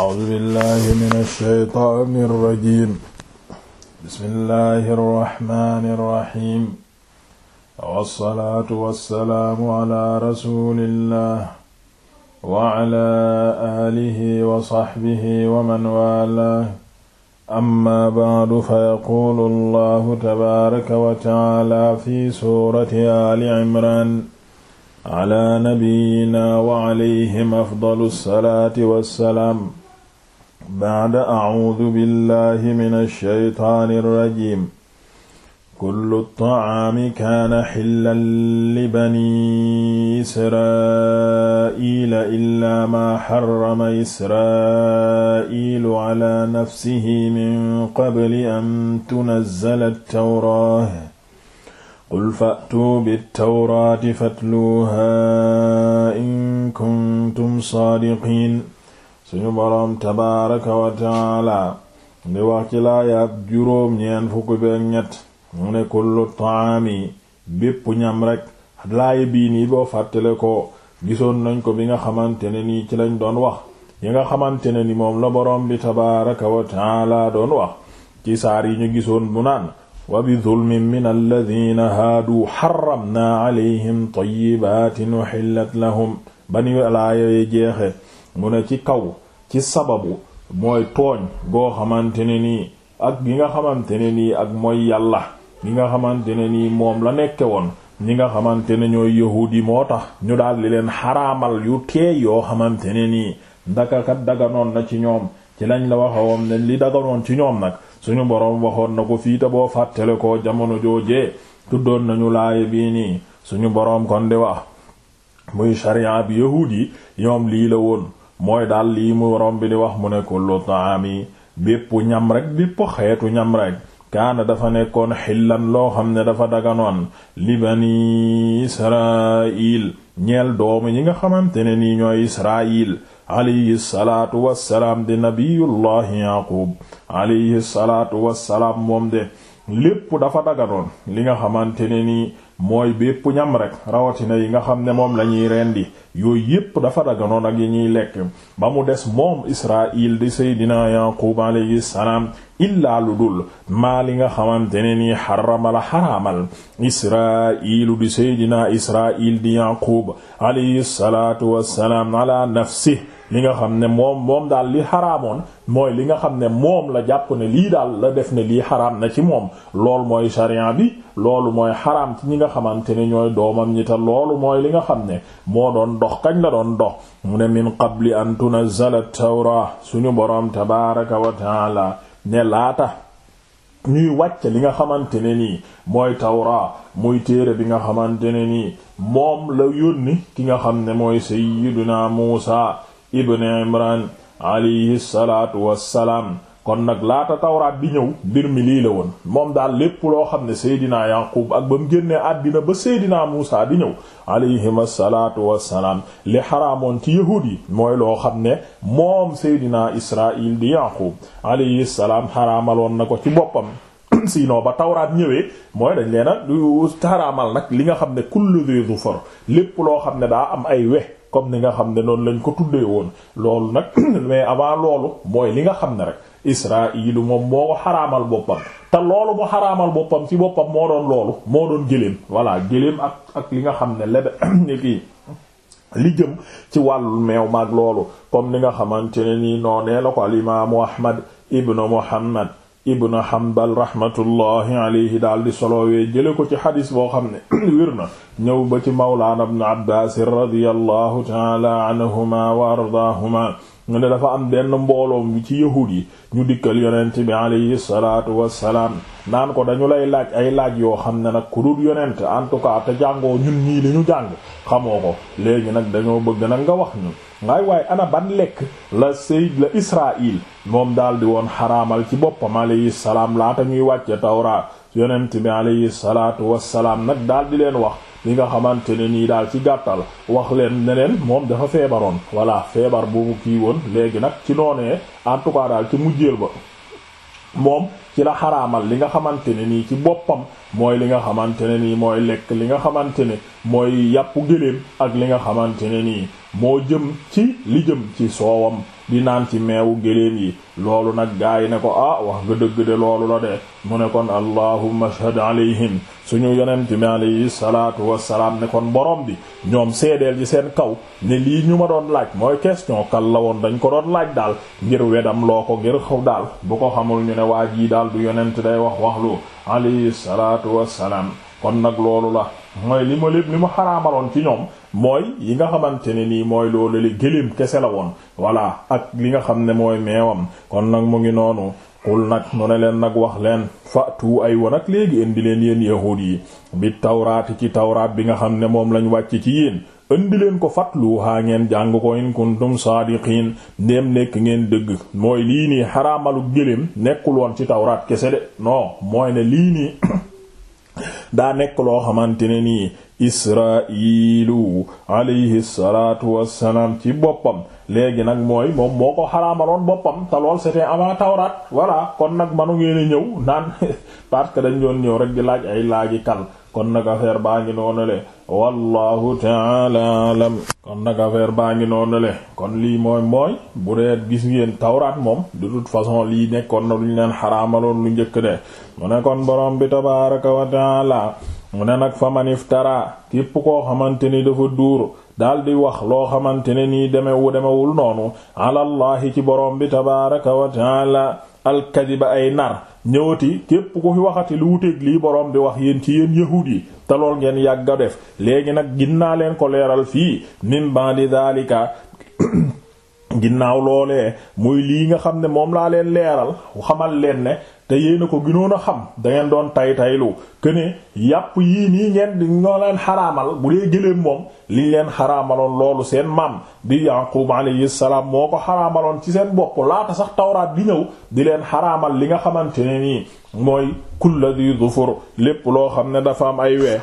أعوذ بالله من الشيطان الرجيم بسم الله الرحمن الرحيم والصلاة والسلام على رسول الله وعلى آله وصحبه ومن والاه أما بعد فيقول الله تبارك وتعالى في سورة آل عمران ala nabiyina wa alayhim afdalu salaati wa salaam ba'da a'uudu billahi mina shaytaani rajiim kullu ta'aami kaana xillan li bani israa'iila illaa maa harrama israa'iilu calaa nafsihi min qabli an tunazzala at-tawraat qul fa'tuu bit-tawraati fatluuhaa in kuntum saadiqiin suñu boroom tabaaraka wa taala wax ci laayaab juróom ñeen fukki beek ñett mu ne kullu taami bépp ñam rekk lay bii nii boo fàttale ko gisoon nañ ko bi nga xamante ne nii ci lañ doon wax yi nga xamante ne ni moom la boroom bi tabaaraka wa taala doon wax ci saar yi ñu gisoon bu naan wa bi zulmin min alladina haadu xaramnaa ba jeexe mu ne ci kaw ci sababu mooy tooñ goo xamante ne nii ak gi nga xamante ne nii ak mooy yàlla gi nga xamante ne nii moom la nekke woon ñi nga xamante ne ñooy yahuud yi moo tax ñu daal di leen xaraamal yu teey yoo xamante ne nii ndakakat daganoon na ci ñoom ci lañ la waxawoon ne li daganoon ci ñoom nag suñu boroom waxoon na ko fii te boo fàttale ko jamono joojee tuddoon nañu laaya bii nii suñu boroom kon di wax muy sharia bi yahuud yi ñoom lii la woon mooy daal lii mu borom bi di wax mu ne kullu taami bépp ñam rek bépp xeetu ñam rek kaana dafa nekkoon xillan loo xam ne dafa daganoon li bani israil ñeel doomu ñi nga xamante ne nii ñooy israil alayhi salaatu wassalaam di nabiyullahi yaqub alayhi salaatu wassalaam moom de lépp dafa daganoon li nga xamante nii mooy bépp ñam rek rawatina yi nga xam ne moom la ñuy rendi yooyu yépp dafa daganoon ak yi ñuy lekk ba mu des moom Israil di sey Seydina Yaqub alayhi salaam illaa lu dul maa li nga xamante ne ni xarama la xaraamal israilu di seydina israil di yaqub alayhi salaatu wassalaam ala nafsi li nga xam ne moom moom daal li xaraamoon mooy li nga xam ne moom la jàpp ne lii daal la def ne lii xaraam na ci moom lool mooy charian bi loolu mooy xaraam ci ñi nga xamante ne ñooy doomam ñi te loolu mooy li nga xam ne moo doon dox kañ la doon dox mu ne min qabli an tunazzala tawra suñu boroom tabaraka wa ne laata ñuy wàcce li nga xamante ne nii mooy tawra muy téere bi nga xamante ne nii moom la yónni ki nga xam ne mooy sayyiduna Muusa ibn Imran alayhi salaatu wassalaam kon nag laata tawraat di ñëw mbir mi lii la woon moom daal lépp loo xam ne seydinaa yaqub ak ba mu génnee àddina ba seydinaa muusa di ñëw alayhima salaatu wassalaam li xaraamoon ci yahuud yi mooy loo xam ne moom seydinaa israil di yaqub alayhi salaam xaraamaloon na ko ci boppam sinon ba tawraat ñëwee mooy dañ leena xaraamal nag li nga xam ne kullu dhi dhufar lépp loo xam ne daa am ay we comme li nga xam ne noonu lañ ko tuddee woon loolu nag avant loolu mooy li nga xam ne rek Israayilu mo moo ko xaraamal boppam te loolu mu xaraamal boppam ci boppam moo doon loolu moo doon gëléem voilà gëléem ak ak li nga xam ne lebe kii li jëm ci wàllu meew maag loolu comme li nga xamante ne nii noonee la ko al imaamu Ahmad ibnu Muhammad ibnu Hanbal rahmatullahi alayhi daal di solowee jële ko ci xadis boo xam ne wér na ci mawlaana ibnu Abbaas radiyallahu taala anhuma wa ardaahuma ñu ne dafa am benn mbooloom bi ci yahuud yi ñu dikkal yonent bi alayhi salaatu wassalaam naan ko dañu lay laaj ay laaj yoo xam ne nag ku dul yonent en tout cas te jàngoo ñun ñii li ñu jàng xamoo ko léegi nag dañoo bëgg nag nga wax ñu ngaay waaye ana ban lekk la sayd la Israaïl moom daal di woon xaraamal ci boppam alayhi salaam laata ñuy wàcce tawraat yonent bi alayhi salaatu wassalaam nag daal di leen wax li nga xamante ne nii daal ci gàttal wax leen ne moom dafa feebaroon voilà feebar bu mu kii woon léegi nag ci noonee en tout cas daal ci mujjeel ba moom ci la xaraamal li nga xamante ne nii ci boppam mooy li nga xamante ne nii mooy lekk li nga xamante ne mooy yàppu gëléem ak li nga xamante ne nii moo jëm ci li jëm ci soowam di naan ci meewu géléem yi loolu nag gaa yi ne ko ah wax nga dëgg de loolu la de mu ne kon allahumma ashhad alayhim suñu yonent bi alayhi salaatu wassalaam ne kon borom bi ñoom seedeel ci seen kaw ne lii ñu ma doon laaj mooy question kal la woon dañ ko doon laaj daal ngir wedam loo ko ngir xaw daal bu ko xamul ñu ne waa jii daal du yonent day wax waxlu alayhi salaatu wassalaam kon nag loolu la mooy li ma lépp li ma xaraamaloon ci ñoom mooy yi nga xamante ne nii mooy loolu li gëléem kese la woon voilà ak li nga xam ne mooy meewam kon nag mu ngi noonu xul nag nu ne leen nag wax leen fatu ay wan ak léegi indi leen yéen yahuud yi bi tawraati ci tawraat bi nga xam ne moom lañ wàcce ci yéen indi leen ko fatluhaa ngeen jàng ko in kuntum saadiqiin ndéem nekk ngeen dëgg mooy lii nii xaraamalu gëléem nekkul woon ci tawraat kese de non mooy ne daa nekk loo xamante ne nii israilu alayhi wassalaam ci boppam léegi nag mooy moom moo ko xaraamaloon boppam te lool c'était avant tawraat voilà kon nag manu ngeen a ñëw naan parce que dañ doon ñëw rek di laaj ay laaji kal kon nag affaire baa ngi noonu le wallahu taala alam kon nag affaire baa ngi noonu le kon lii mooy mooy bu dee gis ngeen tawraat moom de toute façon lii nekkoon na lu ñu leen xaraamaloon lu njëkk de mu ne kon borom bi tabaraka wa taala mu ne nag fa maniftara képp koo xamante ni dafa duur dal di wax loo xamante ne nii demewu demewul noonu alallahi ci borom bi tabaraka wa taala alkadiba ay nar ñëwati képp ku fi waxati lu wuteeg lii boroom bi wax yéen ci yéen yahuud yi te ngeen yàgg a def léegi nag ginnaa leen ko leeral fii min bandi daalika ginnaaw loole muy lii nga xam ne moom laa leen leeral xamal leen ne te yéen a ko gënoon a xam dangeen doon tay taylu que ne yàpp yii nii ngeen di ñoo leen xaraamal bu dee gëléem moom liñ leen xaraamaloon loolu seen maam di Yaqub alayhi salaam moo ko xaraamaloon ci seen bopp laata sax tawraat bi ñëw di leen xaraamal li nga xamante ne nii mooy kulla di zufur lépp loo xam ne dafa am ay wee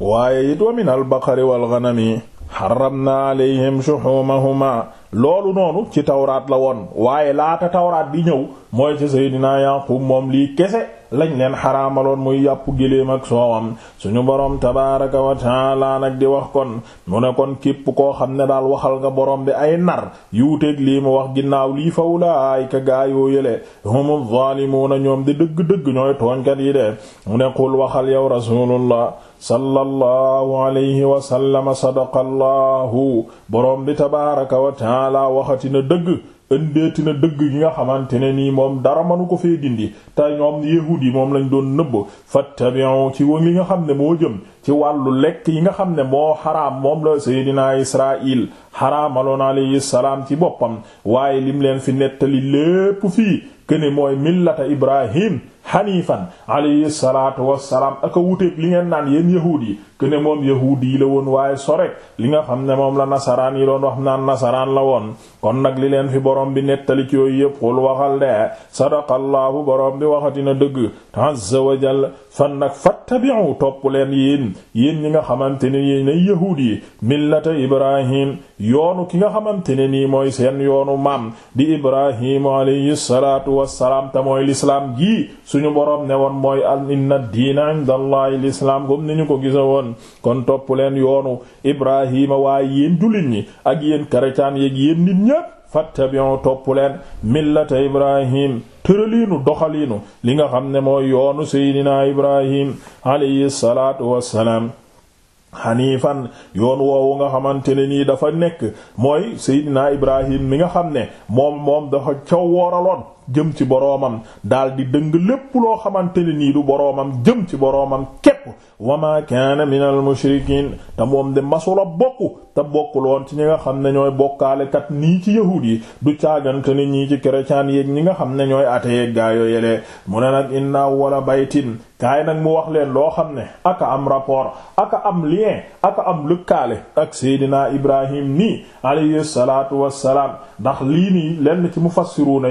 waaye it wa minal baqari wal ghanami harramna alayhim shuhumahuma loolu noonu ci tawraat la woon waaye laata tawraat di ñëw mooy ci Seydina Yaqub moom lii kese lañ leen xaraamaloon muy yàpp giléem ak soowam suñu borom tabaaraka wa taala nag di wax kon mu ne kon képp koo xam ne daal waxal nga borom bi ay nar yuuteeg lii mu wax ginnaaw lii fa ulaayika gaayoo yële humu zaalimuuna ñoom di dëgg-dëgg ñooy tooñkat yi de mu ne qul waxal yow rasulullah sallallahu alayhi wa sallam sadaqallahu borom bi tabaaraka wa taala waxatina dëgg ëndeeti na dëgg gi nga xamante ne nii moom dara manu ko fee dindi te ñoom yahuud yi moom lañ doon nëbb fattabi'u ci wëng li nga xam ne moo jëm ci wàllu lekk yi nga xam ne moo xaraam moom la seydinaa Israil xaraamaloon alayhi salaam ci boppam waaye limu leen fi nettali lépp fii këne mooy millata Ibrahim xaniifan alayhi salaatu wassalaam ak a li ngeen naan yéen yahuud yi que moom yahuud yi la woon waaye sorek li nga xam ne moom la nasaraan yi doon wax naan nasaraan la woon kon nag li leen fi borom bi nettali ci yooyu yëpp xul waxal de sadaqallaahu borom bi waxatina dëgg azza wa jalla fan nag fattabi'u topp leen yéen yéen ñi nga xamante ne yéen ay yahuud yi millata ibrahim yoonu ki nga xamante ne nii mooy seen yoonu maam di ibrahim alayhi salaatu wassalaam te mooy lislaam gi suñu boroom ne woon mooy al inna diina inda allahi lislaam comme ñu ko gisa woon kon topp leen yoonu ibrahima waaye yéen jullit ñi ak yéen karétaan yeeg yéen nit ñépp fattabi'u topp leen millata ibrahim tëraliinu doxaliinu li nga xam ne mooy yoonu seydinaa ibrahim alayhi salaatu wassalaam xaniifan yoon woowu nga xamante ne nii dafa nekk mooy seydinaa ibrahim mi nga xam ne moom moom dafa caw wooraloon jëm ci boroomam daal di dëng lépp loo xamante ne nii du boroomam jëm ci boroomam képp wa ma kaana minal mushrikiin te moom de masula bokk te bokkul woon ci ñi nga xam ne ñooy kat nii ci yahuud yi du caagante ni ñii ci chrétien yeeg ñi nga xam ne ñooy ateye gaayo yelee mu ne nag inna wala baytin kaay nag mu wax leen loo xam ne aka am rapport aka am lien aka am lëkkaale ak seydinaa ibrahim nii alayhi salaatu wassalaam ndax lii nii lenn ci mufassiruna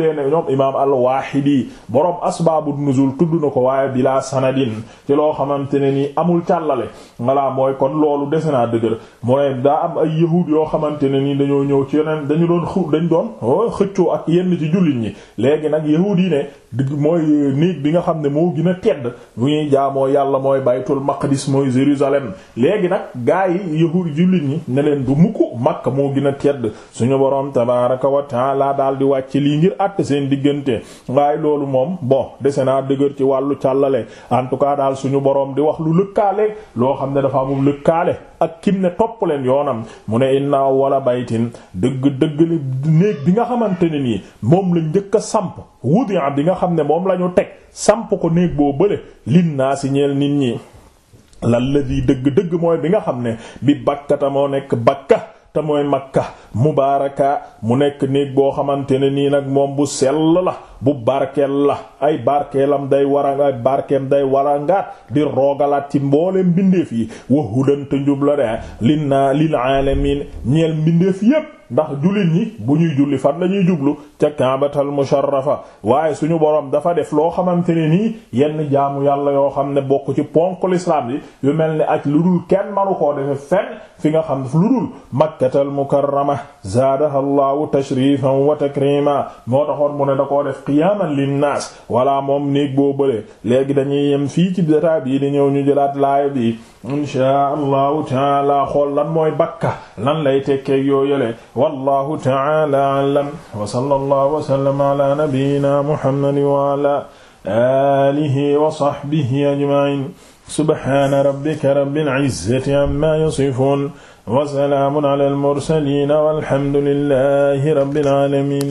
dee ne ñoom imaam al-Wahidi borom asbaabu nuzul tudd na ko waaye bila sanadin ci loo xamante ne nii amul càllale voilà mooy kon loolu dese naa dëgër mooy daa am ay yahuud yoo xamante ne nii dañoo ñëw ci yeneen dañu doon xu dañ doon oh, xëccoo ak yenn ci jullit ñi léegi nag yahuud yi ne digg mooy euh, néeg bi nga xam ne moo gin a tedd bu ñuy jaamoo yàlla mooy baytul maqdis mooy Jérusalem léegi nag gaa yi yahud jullit ñi ne leen du mukk Makka moo gin a tedd suñu boroom tabaaraka wa laa daal di wàcc lii ngir àtte seen diggante waaye loolu moom bon dese naa dëgër ci wàllu càllale en tout cas daal suñu boroom di wax lu lëkkaale loo xam ne dafa amul lëkkaale ak kim ne topp leen yoonam mu ne inna wala baytin dëgg dëgg li néeg bi nga xamante ne nii moom njëkk samp xam ne moom la teg samp ko néeg boo bële liin naa si ñeel nit ñi lalladi dëgg-dëgg mooy bi nga xam ne bi bakkata moo nekk bakka te mooy makka mubaaraka mu nekk néeg boo xamante ne nii nag moom bu sell la bu barkeel la ay barkeelam day wara ay barkeem day warangaat di roogalaat ci mbooleem mbindeef yi wa hudan te de lin naa lil alamin ñeel mbindeef yépp ndax jullit ñi bu ñuy julli fan la ñuy jublu ca kaabatal musharrafa waaye suñu borom dafa def loo xamante ne nii yenn jaamu yàlla yoo xam ne bokk ci ponk l'islam yi yu mel ni ak lu dul kenn manu koo defe fenn fi nga xam lu dul makkatal mukarrama zaadaha llahu tashrifan wa takrima moo taxoon mu ne da koo def qiyaaman linnaas wala moom néeg boo bële léegi dañuy yem fii ci data yi di ñëw ñu jëlaat laay bii inshaa allahu taala xool lan mooy bakka lan lay tekkee yooyale wallahu taala alam wa sallallahu wa sallama ala nabiyyina muhammadin wa ala alihi wa sahbihi ajma'in subhana rabbika rabbil izzati amma yasifun wa salamun ala al mursalin walhamdulillahi rabbil alamin